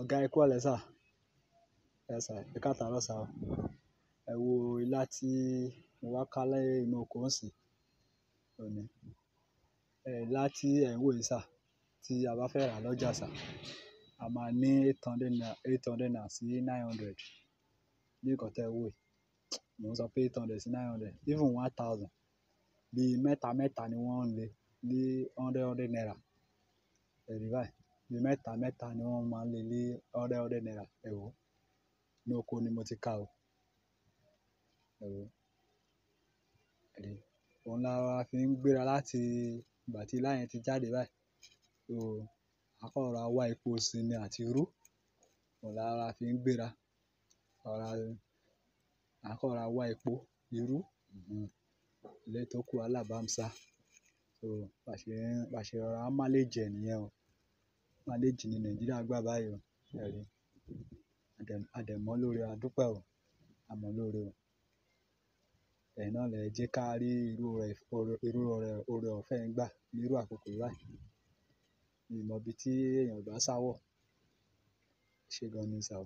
ọ̀gá ẹ kú ìrọ̀lẹ́ sir. Yes sir, ẹ káàtàárọ̀ sir o. Ẹ wo ilá tí mo wá ká ni inu oko ńsìn. Óun ní, ilá tí ẹ̀ ń wò yìí sir, tí a bá fẹ́ rà lọ́jà sir, a máa ní eight hundred naira, eight hundred naira sí nine hundred. Bí nǹkan tí ẹ wò yìí, mò ń sọ pé eight hundred sí nine hundred, even one thousand. Bí mẹ́ta mẹ́ta ni wọ́n ń lé ní hundred hundred naira. Ẹ báyìí bíi mẹ́ta mẹ́ta ni wọ́n máa ń lé lé ọ̀rẹ́ ọ̀rẹ́ náírà, ẹ wò ó. Inú oko ni mo ti ká o. Ẹ wò ó. Ẹ rí i. Òun la fi ń gbéra láti ìgbà tí ilá yẹn ti jáde báyìí. So a kàn epo sí ni àti irú. Òun la rọra fi ń gbéra. Rọra, a kàn rọra wá epo, irú, eléyìí hmm. tó kù alábàámsá. So bá ṣe, bá ṣe nìyẹn o mileage ni Nàìjíríà gbà báyìí o ẹ̀rí àdẹ̀mọ́ lóore o adúpẹ́ o a mọ̀ lóore o ẹ̀yin náà lẹ jẹ́ ká rí irú rẹ̀ irú rẹ̀ oore gbà ní irú àkókò yìí báyìí mi ò tí èèyàn bá sá wọ̀ gan ni sà